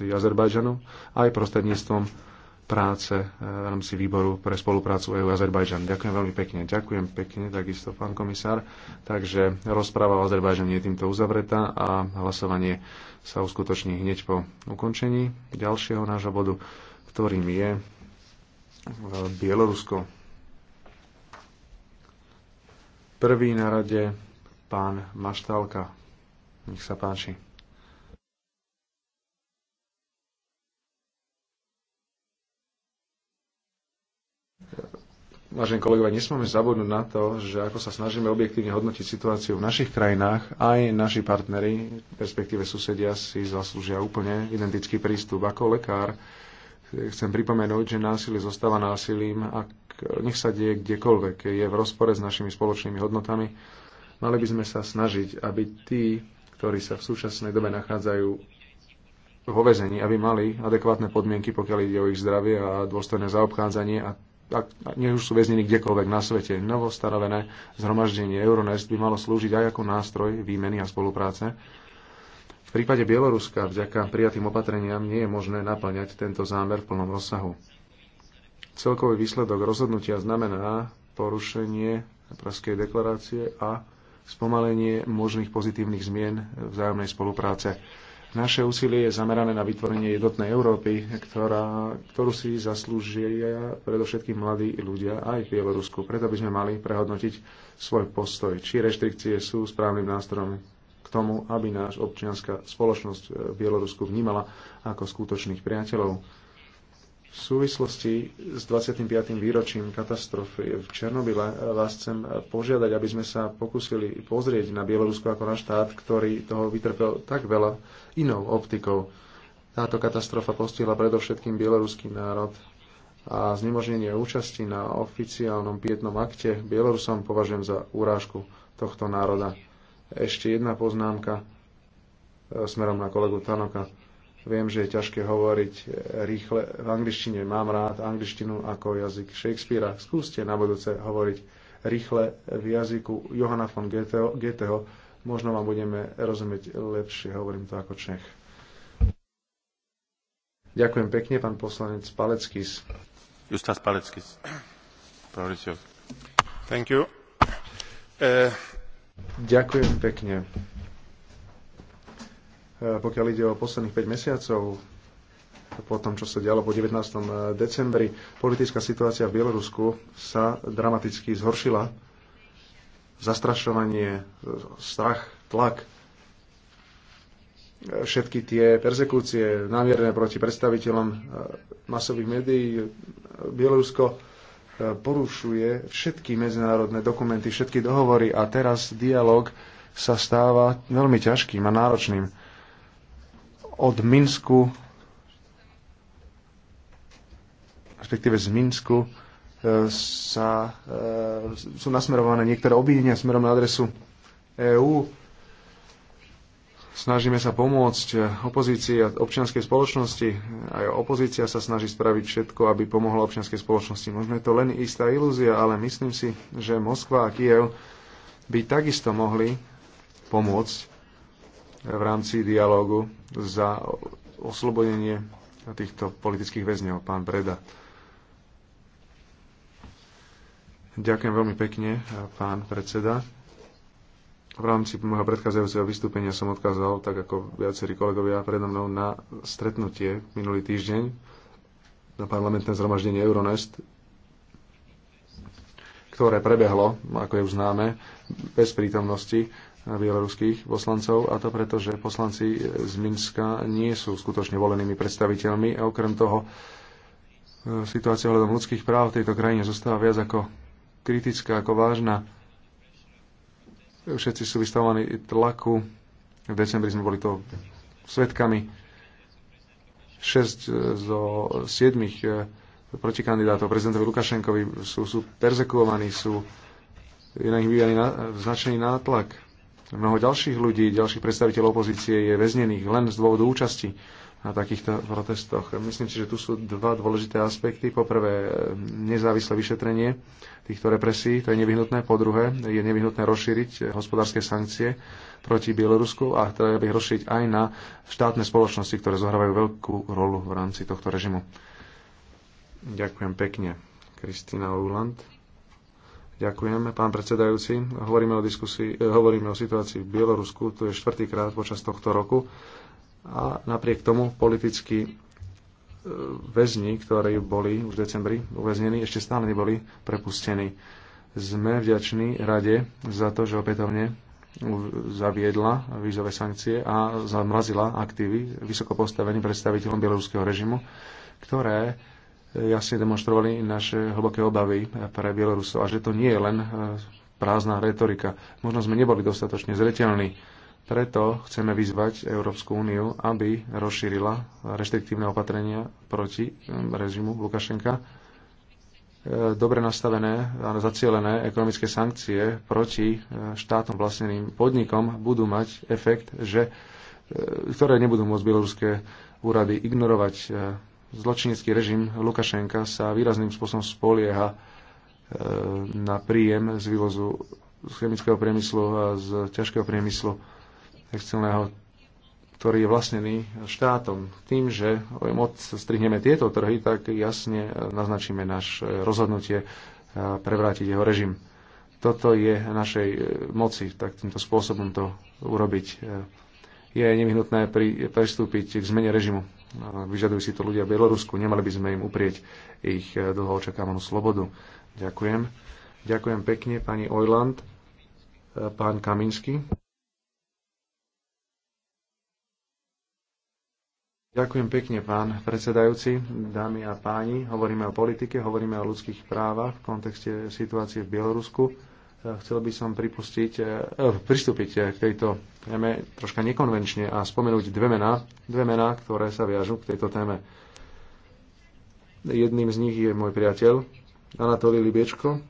Azerbajdžanu aj prostredníctvom práce eh, v rámci výboru pre spoluprácu EU Azerbajdžan. Ďakujem veľmi pekne. Ďakujem pekne, takisto pán komisár. Takže rozpráva o Azerbajdžane je týmto uzavretá a hlasovanie sa uskutoční hneď po ukončení ďalšieho nášho bodu, ktorým je eh, Bielorusko. Prvý na rade pán Maštálka. Nech sa páči. Vážení kolegovia, nesmieme zabudnúť na to, že ako sa snažíme objektívne hodnotiť situáciu v našich krajinách, aj naši partnery, respektíve susedia, si zaslúžia úplne identický prístup. Ako lekár chcem pripomenúť, že násilie zostáva násilím a nech sa deje kdekoľvek, je v rozpore s našimi spoločnými hodnotami. Mali by sme sa snažiť, aby tí, ktorí sa v súčasnej dobe nachádzajú vo vezení, aby mali adekvátne podmienky, pokiaľ ide o ich zdravie a dôstojné zaobchádzanie a ak, nech už sú väznení kdekoľvek na svete. novostarovené zhromaždenie Euronest by malo slúžiť aj ako nástroj výmeny a spolupráce. V prípade Bieloruska vďaka prijatým opatreniam nie je možné naplňať tento zámer v plnom rozsahu. Celkový výsledok rozhodnutia znamená porušenie Praskej deklarácie a spomalenie možných pozitívnych zmien vzájomnej spolupráce. Naše úsilie je zamerané na vytvorenie jednotnej Európy, ktorá, ktorú si zaslúžia predovšetkým mladí ľudia aj v Bielorusku. Preto by sme mali prehodnotiť svoj postoj, či reštrikcie sú správnym nástrojom k tomu, aby náš občianská spoločnosť v Bielorusku vnímala ako skutočných priateľov v súvislosti s 25. výročím katastrofy v Černobyle vás chcem požiadať, aby sme sa pokúsili pozrieť na Bielorusko ako na štát, ktorý toho vytrpel tak veľa inou optikou. Táto katastrofa postihla predovšetkým bieloruský národ a znemožnenie účasti na oficiálnom pietnom akte Bielorusom považujem za úrážku tohto národa. Ešte jedna poznámka e, smerom na kolegu Tanoka Viem, že je ťažké hovoriť eh, rýchle v angličtine. Mám rád angličtinu ako jazyk Shakespearea. Skúste na budúce hovoriť rýchle v jazyku Johana von Goetheho. Goetheho. Možno vám budeme rozumieť lepšie, hovorím to ako Čech. Ďakujem pekne, pán poslanec Paleckis. Justas Paleckis. Thank you. Uh... Ďakujem pekne. E, pokiaľ ide o posledných 5 mesiacov, po tom, čo sa dialo po 19. E, decembri, politická situácia v Bielorusku sa dramaticky zhoršila. Zastrašovanie, e, strach, tlak, všetky tie persekúcie namierené proti predstaviteľom masových médií. Bielorusko porušuje všetky medzinárodné dokumenty, všetky dohovory a teraz dialog sa stáva veľmi ťažkým a náročným od Minsku, respektíve z Minsku, e, sa, e, sú nasmerované niektoré obvinenia smerom na adresu EÚ. Snažíme sa pomôcť opozícii a občianskej spoločnosti. Aj opozícia sa snaží spraviť všetko, aby pomohla občianskej spoločnosti. Možno je to len istá ilúzia, ale myslím si, že Moskva a Kiev by takisto mohli pomôcť v rámci dialógu za oslobodenie týchto politických väzňov, pán Breda. Ďakujem veľmi pekne, pán predseda. V rámci môjho predchádzajúceho vystúpenia som odkázal, tak ako viacerí kolegovia predo mnou, na stretnutie minulý týždeň na parlamentné zhromaždenie Euronest, ktoré prebehlo, ako je už známe, bez prítomnosti bieloruských poslancov a to preto, že poslanci z Minska nie sú skutočne volenými predstaviteľmi a okrem toho e, situácia hľadom ľudských práv v tejto krajine zostáva viac ako kritická, ako vážna. Všetci sú vystavovaní tlaku. V decembri sme boli to svetkami. Šesť e, zo siedmých e, protikandidátov prezidentovi Lukašenkovi sú, sú perzekuovaní, sú je na nich vyvíjaný značný nátlak Mnoho ďalších ľudí, ďalších predstaviteľov opozície je väznených len z dôvodu účasti na takýchto protestoch. Myslím si, že tu sú dva dôležité aspekty. Po prvé, nezávislé vyšetrenie týchto represí, to je nevyhnutné. Po druhé, je nevyhnutné rozšíriť hospodárske sankcie proti Bielorusku a treba by rozšíriť aj na štátne spoločnosti, ktoré zohrávajú veľkú rolu v rámci tohto režimu. Ďakujem pekne. Kristina Uland. Ďakujem, pán predsedajúci. Hovoríme o, diskusii, eh, hovoríme o situácii v Bielorusku, tu je štvrtýkrát počas tohto roku a napriek tomu politickí eh, väzni, ktorí boli už v decembri uväznení, ešte stále neboli prepustení. Sme vďační rade za to, že opätovne zaviedla vízové sankcie a zamrazila aktívy vysoko postaveným predstaviteľom bieloruského režimu, ktoré jasne demonstrovali naše hlboké obavy pre Bielorusov a že to nie je len e, prázdna retorika. Možno sme neboli dostatočne zreteľní. Preto chceme vyzvať Európsku úniu, aby rozšírila reštriktívne opatrenia proti e, režimu Lukašenka. E, dobre nastavené a zacielené ekonomické sankcie proti štátom vlastneným podnikom budú mať efekt, že, ktoré nebudú môcť bieloruské úrady ignorovať zločinecký režim Lukašenka sa výrazným spôsobom spolieha e, na príjem z vývozu z chemického priemyslu a z ťažkého priemyslu textilného, ktorý je vlastnený štátom. Tým, že moc strihneme tieto trhy, tak jasne naznačíme náš rozhodnutie e, prevrátiť jeho režim. Toto je našej e, moci, tak týmto spôsobom to urobiť. Je nevyhnutné pristúpiť k zmene režimu. Vyžadujú si to ľudia v Bielorusku. Nemali by sme im uprieť ich eh, dlho očakávanú slobodu. Ďakujem. Ďakujem pekne pani Ojland, eh, pán Kaminsky. Ďakujem pekne, pán predsedajúci. Dámy a páni, hovoríme o politike, hovoríme o ľudských právach v kontexte situácie v Bielorusku chcel by som pripustiť, e, e, pristúpiť k tejto téme troška nekonvenčne a spomenúť dve mená, dve mená, ktoré sa viažú k tejto téme. Jedným z nich je môj priateľ Anatolí Libiečko,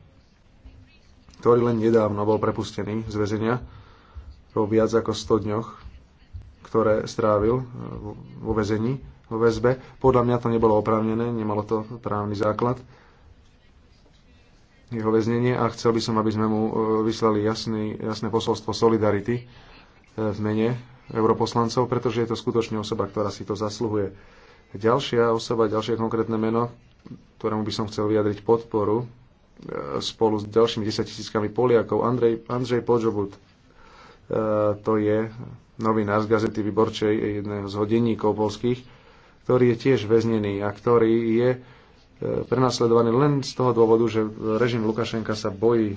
ktorý len nedávno bol prepustený z väzenia po viac ako 100 dňoch, ktoré strávil e, vo väzení, vo väzbe. Podľa mňa to nebolo oprávnené, nemalo to právny základ jeho väznenie a chcel by som, aby sme mu e, vyslali jasný, jasné posolstvo solidarity e, v mene europoslancov, pretože je to skutočne osoba, ktorá si to zasluhuje. Ďalšia osoba, ďalšie konkrétne meno, ktorému by som chcel vyjadriť podporu e, spolu s ďalšími 10 tisíckami Poliakov, Andrej, Andrej Podžobut. To je novinár z gazety Vyborčej, jedného z hodinníkov polských, ktorý je tiež väznený a ktorý je prenasledovaní len z toho dôvodu, že režim Lukašenka sa bojí e,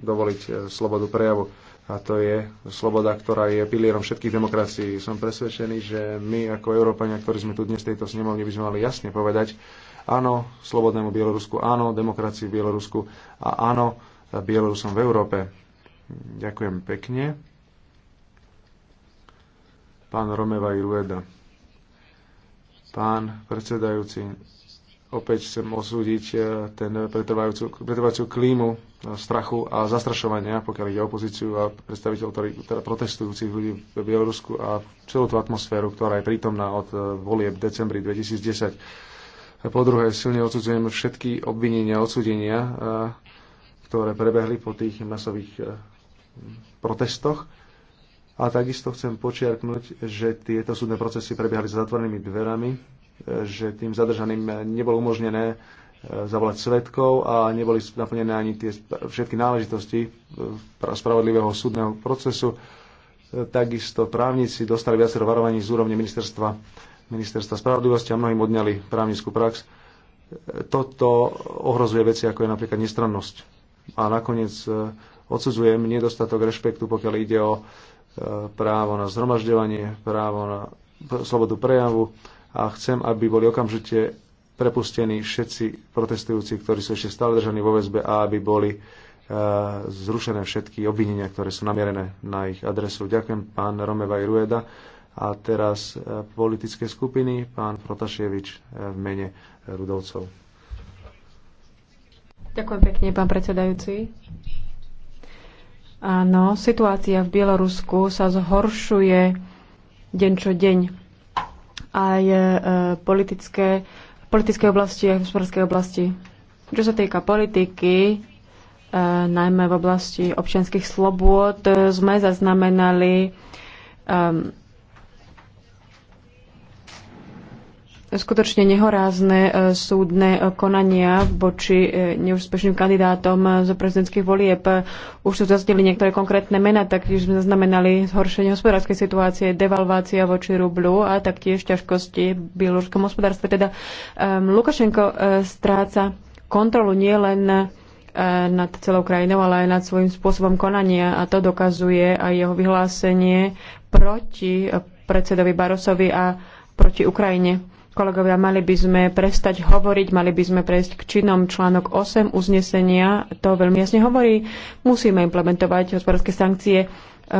dovoliť e, slobodu prejavu. A to je sloboda, ktorá je pilierom všetkých demokracií. Som presvedčený, že my ako Európania, ktorí sme tu dnes v tejto snemovne, by sme mali jasne povedať áno slobodnému Bielorusku, áno demokracii v Bielorusku a áno Bielorusom v Európe. Ďakujem pekne. Pán Romeva Irueda. Pán predsedajúci, opäť chcem osúdiť eh, ten pretrvajúcu klímu eh, strachu a zastrašovania, pokiaľ ide o opozíciu a predstaviteľ teda protestujúcich ľudí v Bielorusku a celú tú atmosféru, ktorá je prítomná od eh, volieb v decembri 2010. A po druhé, silne odsudzujem všetky obvinenia, odsudenia, ktoré prebehli po tých masových protestoch. A takisto chcem počiarknúť, že tieto súdne procesy prebiehali za zatvorenými dverami že tým zadržaným nebolo umožnené e, zavolať svetkov a neboli naplnené ani tie všetky náležitosti e, spravodlivého súdneho procesu. E, takisto právnici dostali viacero varovaní z úrovne ministerstva, ministerstva spravodlivosti a mnohým odňali právnickú prax. Toto ohrozuje veci, ako je napríklad nestrannosť. A nakoniec odsudzujem nedostatok rešpektu, pokiaľ ide o právo na zhromažďovanie, právo na slobodu prejavu, a chcem, aby boli okamžite prepustení všetci protestujúci, ktorí sú ešte stále držaní vo väzbe a aby boli e, zrušené všetky obvinenia, ktoré sú namierené na ich adresu. Ďakujem pán Romevaj Rueda. A teraz e, politické skupiny, pán Protaševič e, v mene Rudovcov. Ďakujem pekne, pán predsedajúci. Áno, situácia v Bielorusku sa zhoršuje deň čo deň aj e, politické, politické oblasti a hospodárskej oblasti. Čo sa týka politiky, e, najmä v oblasti občianských slobôd, e, sme zaznamenali um, skutočne nehorázne e, súdne e, konania voči e, neúspešným kandidátom zo prezidentských volieb. Už sú zazneli niektoré konkrétne tak taktiež sme zaznamenali zhoršenie hospodárskej situácie, devalvácia voči rublu a taktiež ťažkosti v bieloruskom hospodárstve. Teda um, Lukašenko uh, stráca kontrolu nielen nad celou krajinou, ale aj nad svojím spôsobom konania a to dokazuje aj jeho vyhlásenie proti predsedovi Barosovi a proti Ukrajine. Kolegovia, mali by sme prestať hovoriť, mali by sme prejsť k činom. Článok 8 uznesenia to veľmi jasne hovorí. Musíme implementovať hospodárske sankcie eh,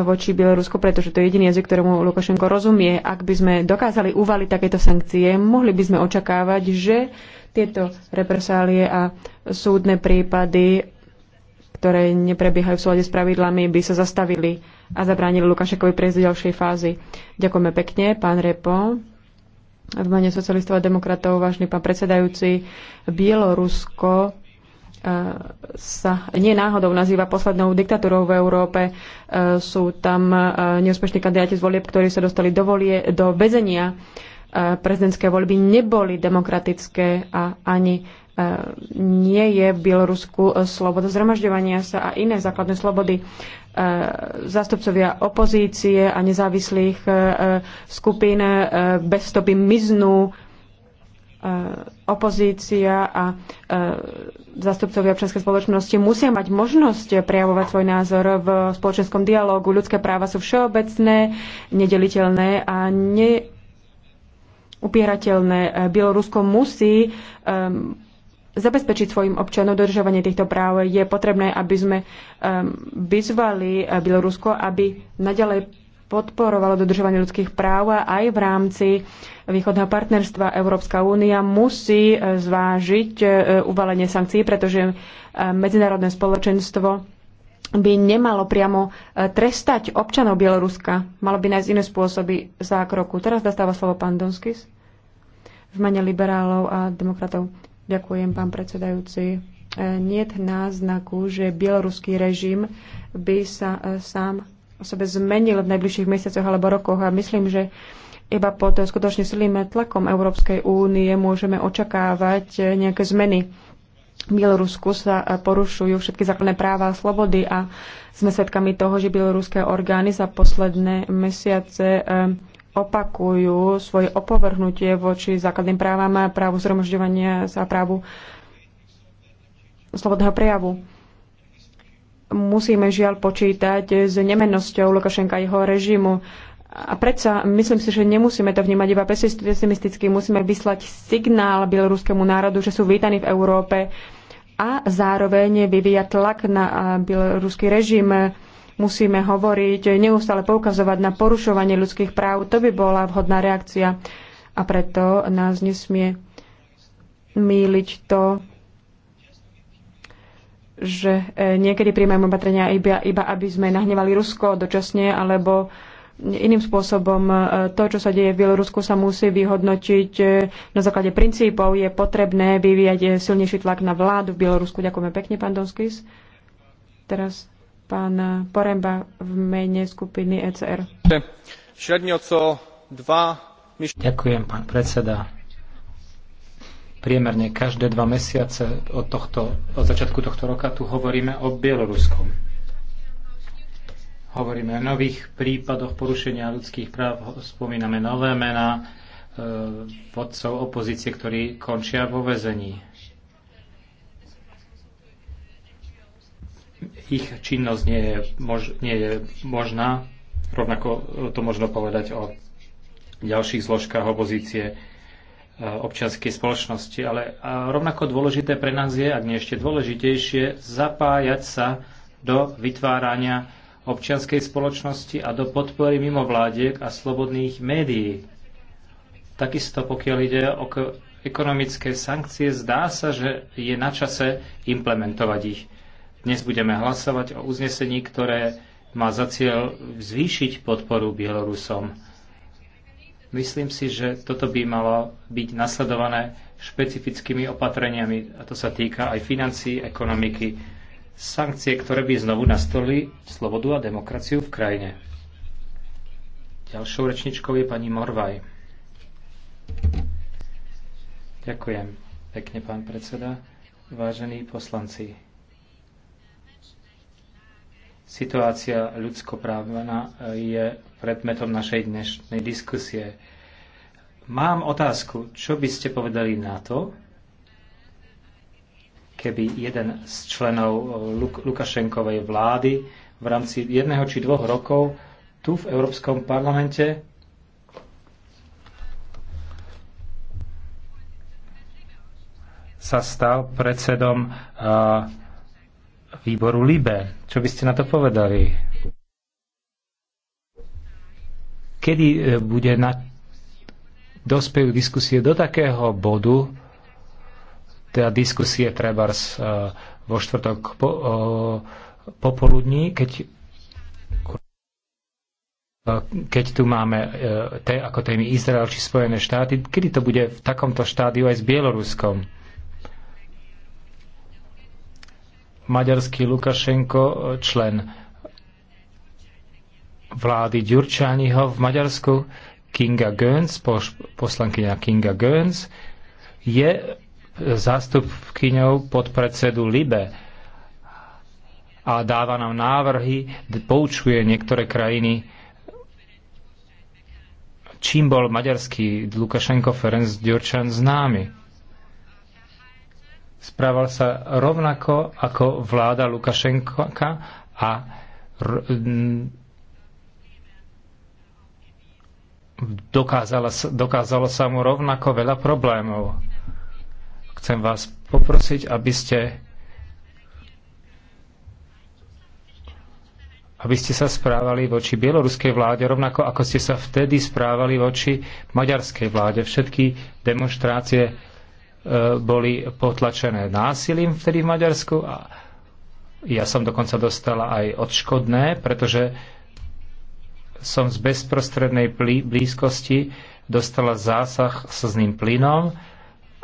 voči Bielorusku, pretože to je jediný jazyk, ktorému Lukašenko rozumie. Ak by sme dokázali uvaliť takéto sankcie, mohli by sme očakávať, že tieto represálie a súdne prípady, ktoré neprebiehajú v súlade s pravidlami, by sa zastavili a zabránili Lukašekovi prejsť do ďalšej fázy. Ďakujeme pekne, pán Repo v mene socialistov a demokratov, vážny pán predsedajúci, Bielorusko e, sa nie náhodou nazýva poslednou diktatúrou v Európe. E, sú tam e, neúspešní kandidáti z volieb, ktorí sa dostali do, volie, do väzenia. Prezidentské voľby neboli demokratické a ani nie je v Bielorusku sloboda zhromažďovania sa a iné základné slobody. E, zástupcovia opozície a nezávislých e, e, skupín bez stopy miznú opozícia a zástupcovia občianskej spoločnosti musia mať možnosť prejavovať svoj názor v spoločenskom dialógu. Ľudské práva sú všeobecné, nedeliteľné a ne Bielorusko musí zabezpečiť svojim občanom dodržovanie týchto práv. Je potrebné, aby sme um, vyzvali uh, Bielorusko, aby naďalej podporovalo dodržovanie ľudských práv a aj v rámci východného partnerstva Európska únia musí uh, zvážiť uh, uvalenie sankcií, pretože medzinárodné spoločenstvo by nemalo priamo trestať občanov Bieloruska. Malo by nájsť iné spôsoby zákroku. Teraz dostáva slovo pán Donskis v mene liberálov a demokratov. Ďakujem, pán predsedajúci. E, Nie náznaku, že bieloruský režim by sa e, sám o sebe zmenil v najbližších mesiacoch alebo rokoch a myslím, že iba pod skutočne silným tlakom Európskej únie môžeme očakávať e, nejaké zmeny. V Bielorusku sa porušujú všetky základné práva a slobody a sme svedkami toho, že bieloruské orgány za posledné mesiace opakujú svoje opovrhnutie voči základným právam a právu zhromažďovania sa právu slobodného prejavu. Musíme žiaľ počítať s nemennosťou Lukašenka a jeho režimu. A predsa myslím si, že nemusíme to vnímať iba pesimisticky. Musíme vyslať signál bieloruskému národu, že sú vítaní v Európe a zároveň vyvíjať tlak na bieloruský režim musíme hovoriť, neustále poukazovať na porušovanie ľudských práv. To by bola vhodná reakcia a preto nás nesmie míliť to, že e, niekedy príjmame opatrenia iba, iba, aby sme nahnevali Rusko dočasne, alebo iným spôsobom e, to, čo sa deje v Bielorusku, sa musí vyhodnotiť e, na základe princípov. Je potrebné vyvíjať silnejší tlak na vládu v Bielorusku. Ďakujeme pekne, pán Donskis. Teraz pán Poremba v mene skupiny ECR. Ďakujem, pán predseda. Priemerne každé dva mesiace od, tohto, od začiatku tohto roka tu hovoríme o Bieloruskom. Hovoríme o nových prípadoch porušenia ľudských práv, spomíname nové mená, eh, vodcov opozície, ktorí končia vo väzení ich činnosť nie je, mož, nie je možná. Rovnako e, to možno povedať o ďalších zložkách opozície e, občianskej spoločnosti. Ale e, rovnako dôležité pre nás je, ak nie ešte dôležitejšie, zapájať sa do vytvárania občianskej spoločnosti a do podpory mimovládiek a slobodných médií. Takisto pokiaľ ide o ekonomické sankcie, zdá sa, že je na čase implementovať ich. Dnes budeme hlasovať o uznesení, ktoré má za cieľ zvýšiť podporu Bielorusom. Myslím si, že toto by malo byť nasledované špecifickými opatreniami, a to sa týka aj financií, ekonomiky, sankcie, ktoré by znovu nastolili slobodu a demokraciu v krajine. Ďalšou rečničkou je pani Morvaj. Ďakujem pekne, pán predseda. Vážení poslanci, Situácia ľudskoprávna e, je predmetom našej dnešnej diskusie. Mám otázku, čo by ste povedali na to, keby jeden z členov e, Luk- Lukašenkovej vlády v rámci jedného či dvoch rokov tu v Európskom parlamente sa stal predsedom uh, výboru LIBE. Čo by ste na to povedali? Kedy e, bude na... dospejú diskusie do takého bodu, teda diskusie treba e, vo štvrtok po, o, e, popoludní, keď keď tu máme te, ako témy Izrael či Spojené štáty, kedy to bude v takomto štádiu aj s Bieloruskom? maďarský Lukašenko, e, člen vlády Ďurčániho v Maďarsku, Kinga Göns, poslankyňa Kinga Göns, je zástupkyňou predsedu Libe a dáva nám návrhy, poučuje niektoré krajiny, čím bol maďarský Lukašenko Ferenc Ďurčan známy správal sa rovnako ako vláda Lukašenka a dokázala, dokázalo sa mu rovnako veľa problémov. Chcem vás poprosiť, aby ste aby ste sa správali voči bieloruskej vláde rovnako, ako ste sa vtedy správali voči maďarskej vláde. Všetky demonstrácie E, boli potlačené násilím vtedy v Maďarsku a ja som dokonca dostala aj odškodné, pretože som z bezprostrednej blízkosti dostala zásah slzným plynom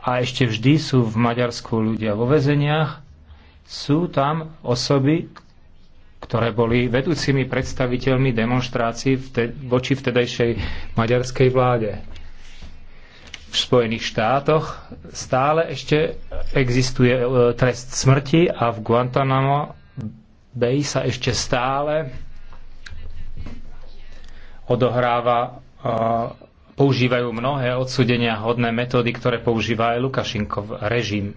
a ešte vždy sú v Maďarsku ľudia vo vezeniach. Sú tam osoby, ktoré boli vedúcimi predstaviteľmi demonstrácií voči vtedajšej maďarskej vláde v Spojených štátoch stále ešte existuje e, trest smrti a v Guantanamo Bay sa ešte stále odohráva e, používajú mnohé odsudenia hodné metódy, ktoré používa aj Lukašinkov režim.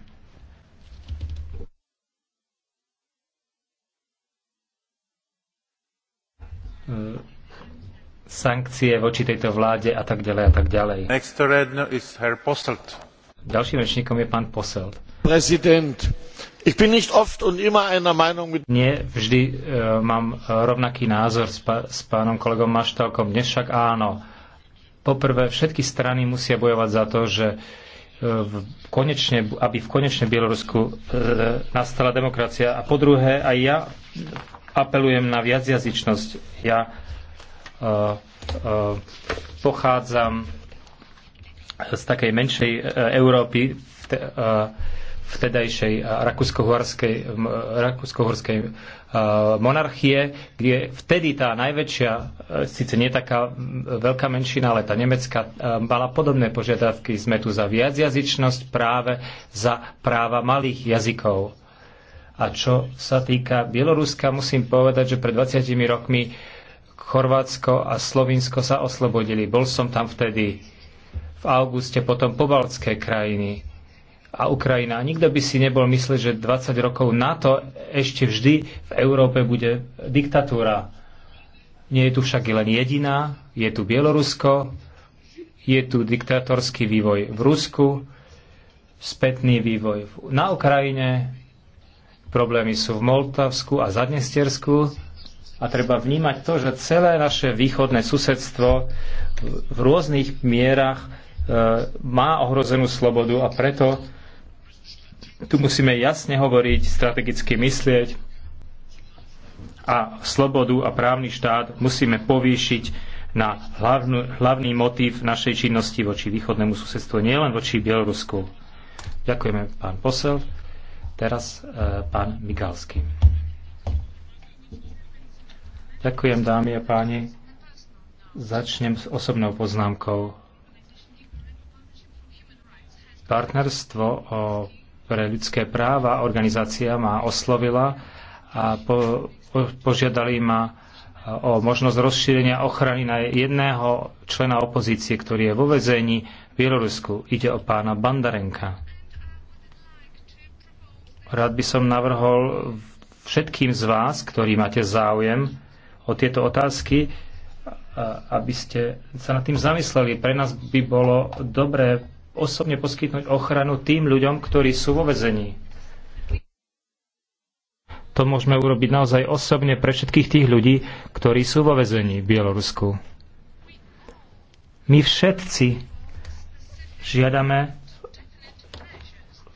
sankcie voči tejto vláde a tak ďalej a tak ďalej. No, Ďalším rečníkom je pán Posselt. Mit... Nie vždy uh, mám e, rovnaký názor s, pa, s pánom kolegom Maštalkom, dnes však áno. Poprvé, všetky strany musia bojovať za to, že e, v konečne, aby v konečne Bielorusku e, nastala demokracia. A po druhé, aj ja apelujem na viacjazyčnosť. Ja Eh, eh, pochádzam z takej menšej eh, Európy, vtedajšej rakúsko-horskej, rakúsko-horskej monarchie, kde vtedy tá najväčšia, síce nie taká veľká menšina, ale tá nemecká mala podobné požiadavky. Sme tu za viacjazyčnosť práve za práva malých jazykov. A čo sa týka Bieloruska, musím povedať, že pred 20 rokmi Chorvátsko a Slovinsko sa oslobodili. Bol som tam vtedy v auguste, potom pobaltské krajiny a Ukrajina. Nikto by si nebol myslel, že 20 rokov na to ešte vždy v Európe bude diktatúra. Nie je tu však len jediná, je tu Bielorusko, je tu diktatorský vývoj v Rusku, spätný vývoj na Ukrajine, problémy sú v Moltavsku a Zadnestersku a treba vnímať to, že celé naše východné susedstvo v rôznych mierach e, má ohrozenú slobodu a preto tu musíme jasne hovoriť, strategicky myslieť a slobodu a právny štát musíme povýšiť na hlavnú, hlavný motív našej činnosti voči východnému susedstvu, nielen voči Bielorusku. Ďakujeme, pán posel. Teraz e, pán Migalský. Ďakujem, dámy a páni. Začnem s osobnou poznámkou. Partnerstvo pre ľudské práva organizácia ma oslovila a po, po, požiadali ma e, o možnosť rozšírenia ochrany na jedného člena opozície, ktorý je vo vezení v Bielorusku. Ide o pána Bandarenka. Rád by som navrhol všetkým z vás, ktorí máte záujem, o tieto otázky, aby ste sa nad tým zamysleli. Pre nás by bolo dobré osobne poskytnúť ochranu tým ľuďom, ktorí sú vo vezení. To môžeme urobiť naozaj osobne pre všetkých tých ľudí, ktorí sú vo vezení v Bielorusku. My všetci žiadame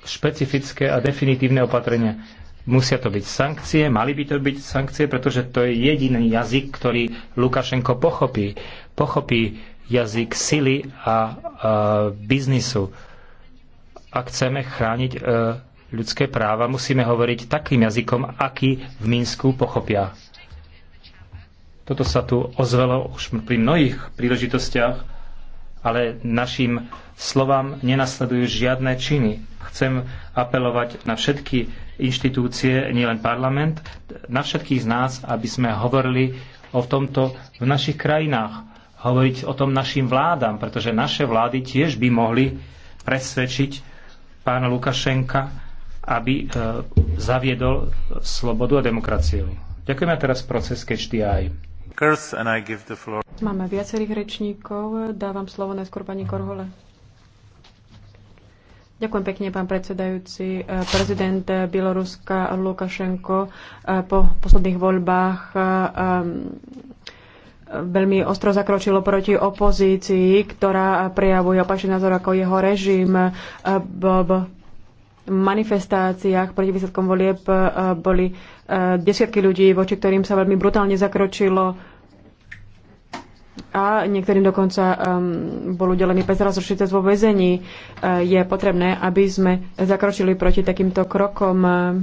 špecifické a definitívne opatrenia. Musia to byť sankcie, mali by to byť sankcie, pretože to je jediný jazyk, ktorý Lukašenko pochopí. Pochopí jazyk sily a, a biznisu. Ak chceme chrániť e, ľudské práva, musíme hovoriť takým jazykom, aký v Minsku pochopia. Toto sa tu ozvelo už pri mnohých príležitostiach ale našim slovám nenasledujú žiadne činy. Chcem apelovať na všetky inštitúcie, nielen parlament, na všetkých z nás, aby sme hovorili o tomto v našich krajinách, hovoriť o tom našim vládam, pretože naše vlády tiež by mohli presvedčiť pána Lukašenka, aby e, zaviedol slobodu a demokraciu. Ďakujeme teraz proces KHDI. Máme viacerých rečníkov. Dávam slovo najskôr pani Korhole. Ďakujem pekne, pán predsedajúci. Eh, prezident Bieloruska Lukašenko eh, po posledných voľbách eh, veľmi ostro zakročilo proti opozícii, ktorá prejavuje opačný názor ako jeho režim manifestáciách proti výsledkom volieb eh, boli eh, desiatky ľudí, voči ktorým sa veľmi brutálne zakročilo a niektorým dokonca um, bol udelený 5 raz vo vezení. Uh, je potrebné, aby sme zakročili proti takýmto krokom. Uh,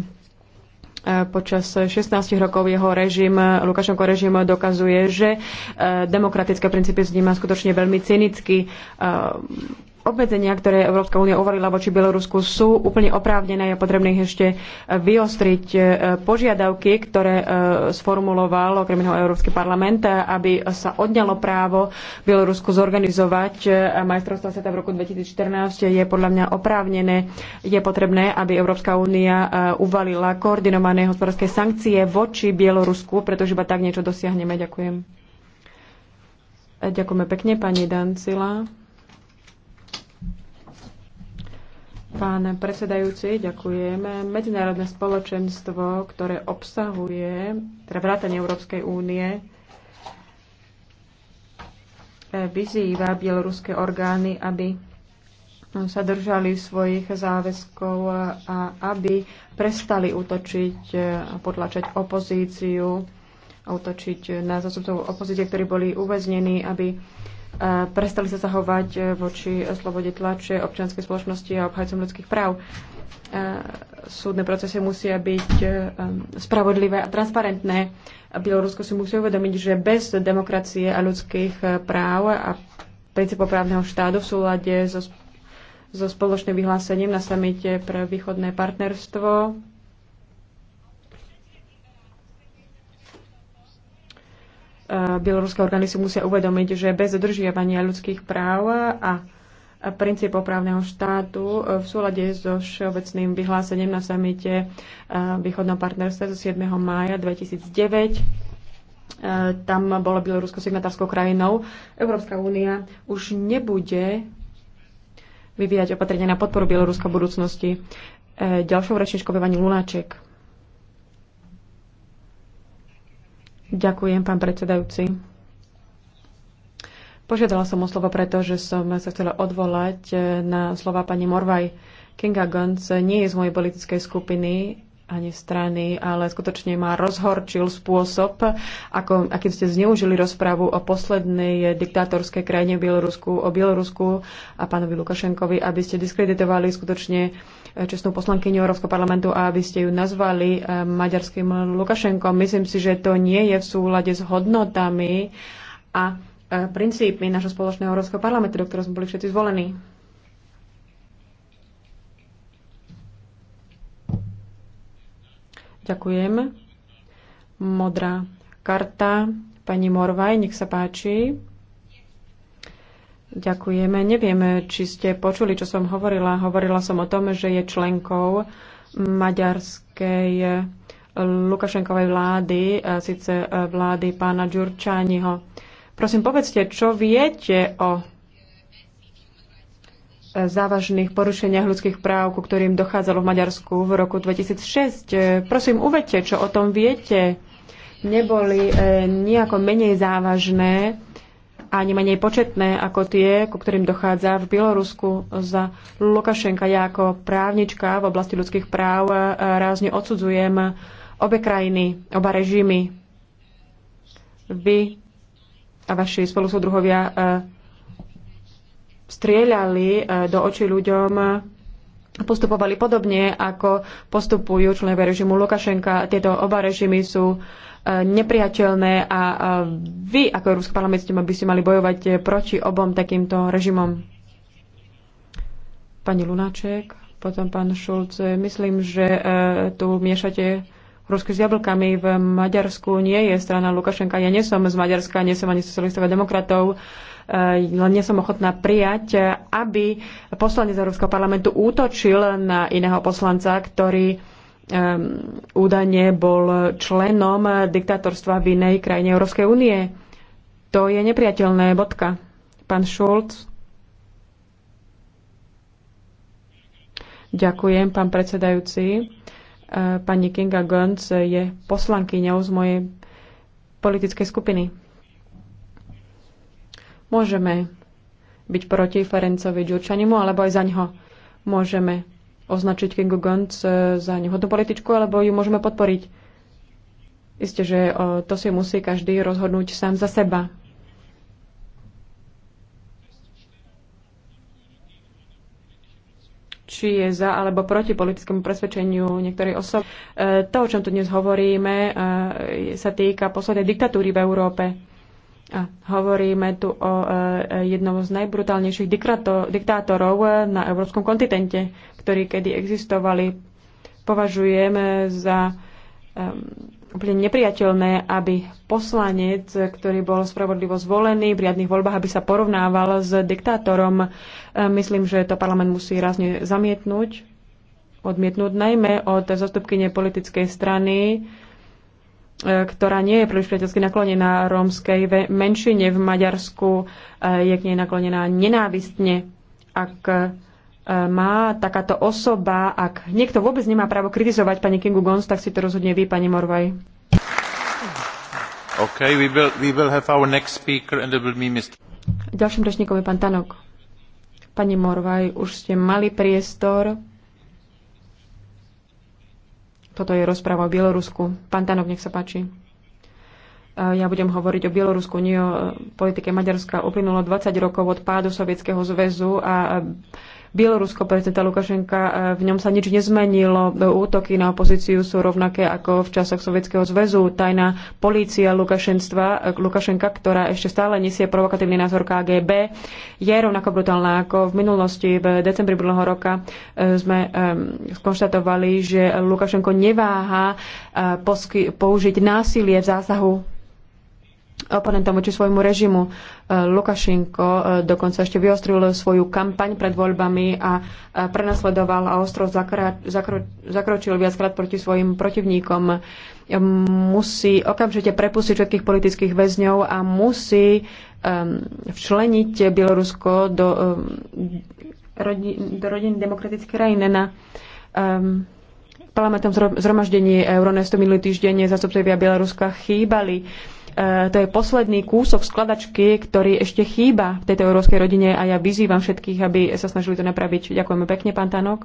počas 16 rokov jeho režim, Lukašenko režim dokazuje, že uh, demokratické princípy vníma skutočne veľmi cynicky. Uh, obmedzenia, ktoré Európska únia uvalila voči Bielorusku, sú úplne oprávnené. Je potrebné ich ešte e, vyostriť e, požiadavky, ktoré e, sformuloval okrem iného Európsky parlament, aby sa odňalo právo Bielorusku zorganizovať majstrovstvo sveta v roku 2014 je podľa mňa oprávnené. Je potrebné, aby Európska únia uvalila koordinované hospodárske sankcie voči Bielorusku, pretože iba tak niečo dosiahneme. Ďakujem. Ďakujeme pekne, pani Dancila. Pán predsedajúci, ďakujem. Medzinárodné spoločenstvo, ktoré obsahuje, teda vrátanie Európskej únie, vyzýva bieloruské orgány, aby sa držali svojich záväzkov a aby prestali útočiť a potlačať opozíciu, útočiť na zastupcov opozície, ktorí boli uväznení, aby prestali sa zahovať e, voči e, slobode tlače, občianskej spoločnosti a obhajcom ľudských práv. E, súdne procesy musia byť spravodlivé a transparentné. Bielorusko si musí uvedomiť, že bez demokracie a ľudských práv a princípov právneho štátu v súlade so, so spoločným vyhlásením na samite pre východné partnerstvo E, bieloruské orgány si musia uvedomiť, že bez dodržiavania ľudských práv a princíp právneho štátu v súlade so všeobecným vyhlásením na samite e, východného partnerstva zo 7. mája 2009 e, tam bolo Bielorusko signatárskou krajinou. Európska únia už nebude vyvíjať opatrenia na podporu Bieloruska v budúcnosti. Ďalšou rečničkou je Vani Lunáček. Ďakujem, pán predsedajúci. Požiadala som o slovo preto, že som sa chcela odvolať na slova pani Morvaj. Kinga Guns, nie je z mojej politickej skupiny, ani strany, ale skutočne ma rozhorčil spôsob, ako, akým ste zneužili rozprávu o poslednej diktátorskej krajine Bielorusku, o Bielorusku a pánovi Lukašenkovi, aby ste diskreditovali skutočne eh, čestnú poslankyňu Európskeho parlamentu a aby ste ju nazvali eh, maďarským Lukašenkom. Myslím si, že to nie je v súlade s hodnotami a eh, princípmi našho spoločného Európskeho parlamentu, do ktorého sme boli všetci zvolení. Ďakujem. Modrá karta. Pani Morvaj, nech sa páči. Ďakujeme. Nevieme, či ste počuli, čo som hovorila. Hovorila som o tom, že je členkou maďarskej eh, Lukašenkovej vlády, eh, síce eh, vlády pána Ďurčániho. Prosím, povedzte, čo viete o závažných porušeniach ľudských práv, ku ktorým dochádzalo v Maďarsku v roku 2006. E, prosím, uvedte, čo o tom viete. Neboli e, nejako menej závažné ani menej početné ako tie, ku ktorým dochádza v Bielorusku za Lukašenka. Ja ako právnička v oblasti ľudských práv e, rázne odsudzujem obe krajiny, oba režimy. Vy a vaši spolusodruhovia strieľali e, do očí ľuďom, postupovali podobne, ako postupujú členové režimu Lukašenka. Tieto oba režimy sú e, nepriateľné a e, vy ako Európsky parlament by ste mali bojovať proti obom takýmto režimom. Pani Lunáček, potom pán Šulc, myslím, že tu miešate Rusko s jablkami v Maďarsku nie je strana Lukašenka. Ja nie som z Maďarska, nie som ani socialistov a demokratov. Uh, Eh, len nie som ochotná prijať, eh, aby poslanec Európskeho parlamentu útočil na iného poslanca, ktorý um, údajne bol členom diktátorstva v inej krajine Európskej únie. To je nepriateľné, bodka. Pán Šulc. Ďakujem, pán predsedajúci. Eh, pani Kinga Gönc je poslankyňou z mojej politickej skupiny. Môžeme byť proti Ferencovi Ďurčanimu alebo aj za ňoho. Môžeme označiť Kingu Gons e, za nehodnú političku alebo ju môžeme podporiť. Isté, že e, to si musí každý rozhodnúť sám za seba. či je za alebo proti politickému presvedčeniu niektorej osoby. E, to, o čom tu dnes hovoríme, sa týka poslednej diktatúry v Európe a hovoríme tu o e, jednom z najbrutálnejších diktátorov e, na európskom kontinente, ktorí kedy existovali. Považujeme za e, úplne nepriateľné, aby poslanec, ktorý bol spravodlivo zvolený v riadnych voľbách, aby sa porovnával s diktátorom. Myslím, že to parlament musí rázne zamietnúť, odmietnúť najmä od zastupkyne politickej strany, E, ktorá nie je príliš priateľsky naklonená rómskej menšine v Maďarsku, e, je k nej naklonená nenávistne. Ak e, má takáto osoba, ak niekto vôbec nemá právo kritizovať pani Kingu Gons, tak si to rozhodne vy, pani Morvaj. Okay, we will, we will have our next speaker and it will be Mr. Ďalším rečníkom je pán Tanok. Pani Morvaj, už ste mali priestor. Toto je rozpráva o Bielorusku. Pán Tanok, nech sa páči. E, ja budem hovoriť o Bielorusku, nie o e, politike Maďarska. Uplynulo 20 rokov od pádu Sovietskeho zväzu a e, Bielorusko prezidenta Lukašenka. E, v ňom sa nič nezmenilo. E, útoky na opozíciu sú rovnaké ako v časoch Sovietskeho zväzu. Tajná polícia Lukašenstva, e, Lukašenka, ktorá ešte stále nesie provokatívny názor KGB, je rovnako brutálna ako v minulosti. V decembri minulého roka sme skonštatovali, že Lukašenko neváha použiť násilie v zásahu oponentom voči svojmu režimu. E, Lukašenko e, dokonca ešte vyostril svoju kampaň pred voľbami a e, prenasledoval a ostro zakročil zakro- zakročil viackrát proti svojim protivníkom. Musí okamžite prepustiť všetkých politických väzňov a musí včleniť Bielorusko do, rodin, do rodiny demokratické krajiny na um, parlamentom zhromaždení Euronestu minulý týždeň zastupcovia Bieloruska chýbali. E, to je posledný kúsok skladačky, ktorý ešte chýba v tejto európskej rodine a ja vyzývam všetkých, aby sa snažili to napraviť. Ďakujeme pekne, pán Tanok.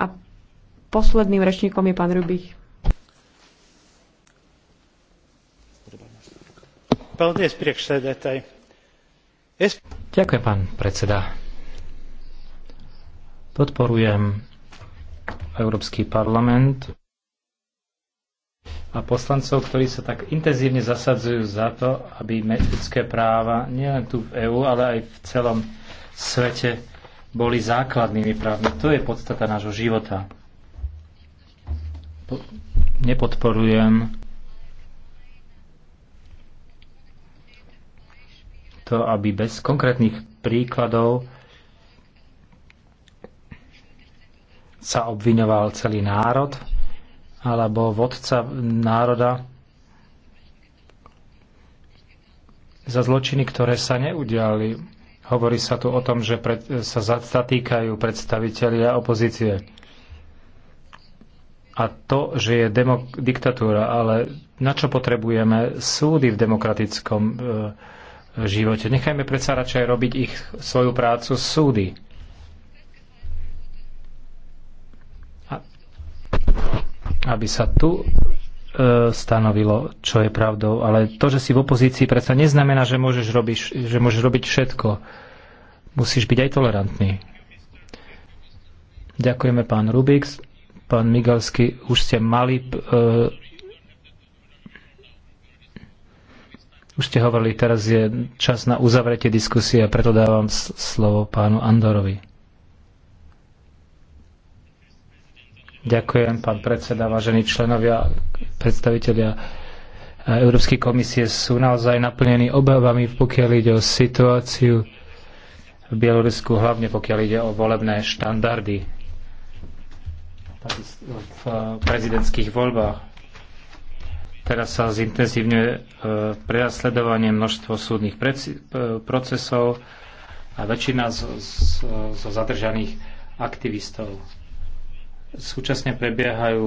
A posledným rečníkom je pán Rubich. Ďakujem, pán predseda. Podporujem Európsky parlament a poslancov, ktorí sa tak intenzívne zasadzujú za to, aby ľudské práva nielen tu v EÚ, ale aj v celom svete boli základnými právmi. To je podstata nášho života. Po- nepodporujem to, aby bez konkrétnych príkladov sa obviňoval celý národ, alebo vodca národa za zločiny, ktoré sa neudiali. Hovorí sa tu o tom, že pred, sa zatýkajú predstavitelia opozície. A to, že je diktatúra, ale na čo potrebujeme súdy v demokratickom e, živote? Nechajme predsa radšej robiť ich svoju prácu súdy. aby sa tu e, stanovilo, čo je pravdou. Ale to, že si v opozícii, predsa neznamená, že môžeš, robiť, že môžeš robiť všetko. Musíš byť aj tolerantný. Ďakujeme pán Rubix. Pán Migalsky, už ste mali... Uh, už ste hovorili, teraz je čas na uzavretie diskusie a preto dávam slovo pánu Andorovi. Ďakujem, pán predseda, vážení členovia, predstavitelia eh, Európskej komisie sú naozaj naplnení obavami, pokiaľ ide o situáciu v Bielorusku, hlavne pokiaľ ide o volebné štandardy v eh, prezidentských voľbách. Teraz sa zintenzívňuje eh, prenasledovanie množstvo súdnych procesov a väčšina zo zadržaných aktivistov Súčasne prebiehajú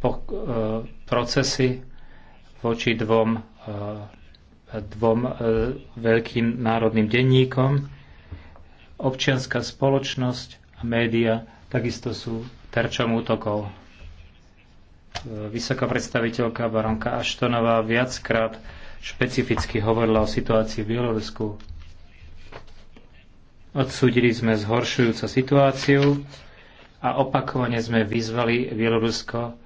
e, e, procesy voči dvom, e, dvom veľkým národným denníkom. Občianská spoločnosť a média takisto sú terčom útokov. Vysoká predstaviteľka baronka Aštonová viackrát špecificky hovorila o situácii v Bielorusku. Odsúdili sme zhoršujúcu situáciu, a opakovane sme vyzvali Bielorusko,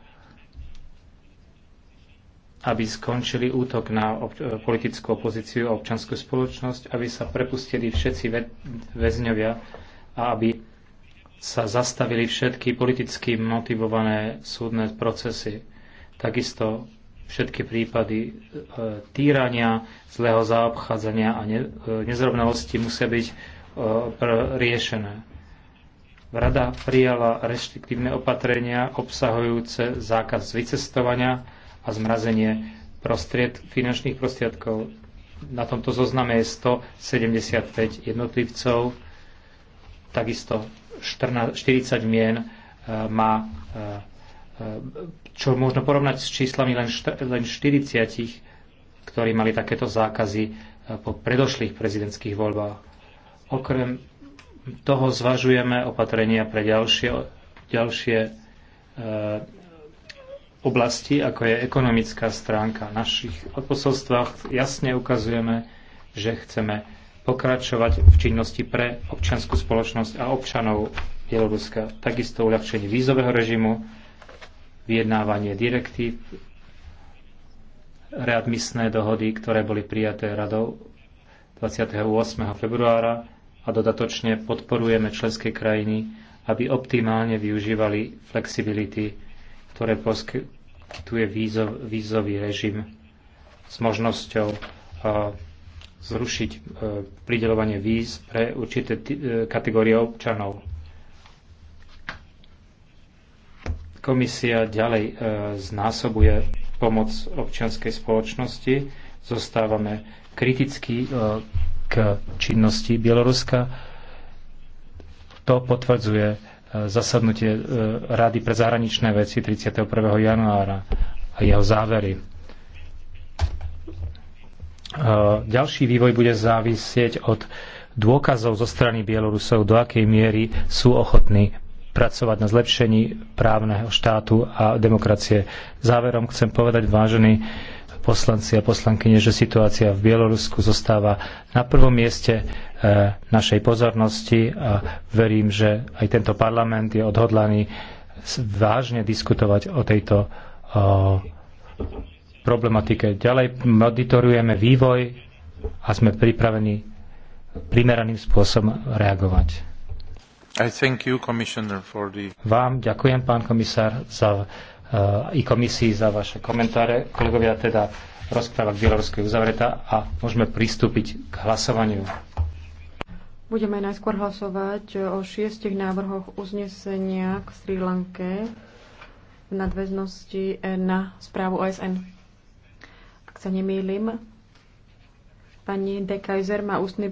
aby skončili útok na ob- eh, politickú opozíciu a občanskú spoločnosť, aby sa prepustili všetci ve- väzňovia a aby sa zastavili všetky politicky motivované súdne procesy. Takisto všetky prípady e, týrania, zlého zaobchádzania a ne- e, nezrovnalosti musia byť e, riešené Rada prijala reštriktívne opatrenia obsahujúce zákaz vycestovania a zmrazenie prostried, finančných prostriedkov. Na tomto zozname je 175 jednotlivcov, takisto 14, 40 mien e, má, e, e, čo možno porovnať s číslami len, len 40, ktorí mali takéto zákazy po predošlých prezidentských voľbách. Okrem toho zvažujeme opatrenia pre ďalšie, ďalšie e, oblasti, ako je ekonomická stránka. V našich odposolstvách. jasne ukazujeme, že chceme pokračovať v činnosti pre občianskú spoločnosť a občanov Bieloruska. Takisto uľahčenie vízového režimu, vyjednávanie direktív, readmisné dohody, ktoré boli prijaté radou 28. februára a dodatočne podporujeme členské krajiny, aby optimálne využívali flexibility, ktoré poskytuje vízov, vízový režim s možnosťou zrušiť e, pridelovanie víz pre určité e, kategórie občanov. Komisia ďalej e, znásobuje pomoc občianskej spoločnosti. Zostávame kriticky k činnosti Bieloruska. To potvrdzuje e, zasadnutie e, Rady pre zahraničné veci 31. januára a jeho závery. E, ďalší vývoj bude závisieť od dôkazov zo strany Bielorusov, do akej miery sú ochotní pracovať na zlepšení právneho štátu a demokracie. Záverom chcem povedať, vážení poslanci a poslankyne, že situácia v Bielorusku zostáva na prvom mieste eh, našej pozornosti a verím, že aj tento parlament je odhodlaný vážne diskutovať o tejto problematike. Ďalej monitorujeme vývoj a sme pripravení primeraným spôsobom reagovať. You, the... Vám ďakujem, pán komisár, za i komisii za vaše komentáre. Kolegovia, teda rozpráva k Bielorusku je uzavretá a môžeme pristúpiť k hlasovaniu. Budeme najskôr hlasovať o šiestich návrhoch uznesenia k Sri Lanke v nadväznosti na správu OSN. Ak sa nemýlim, pani De Kaiser má ústny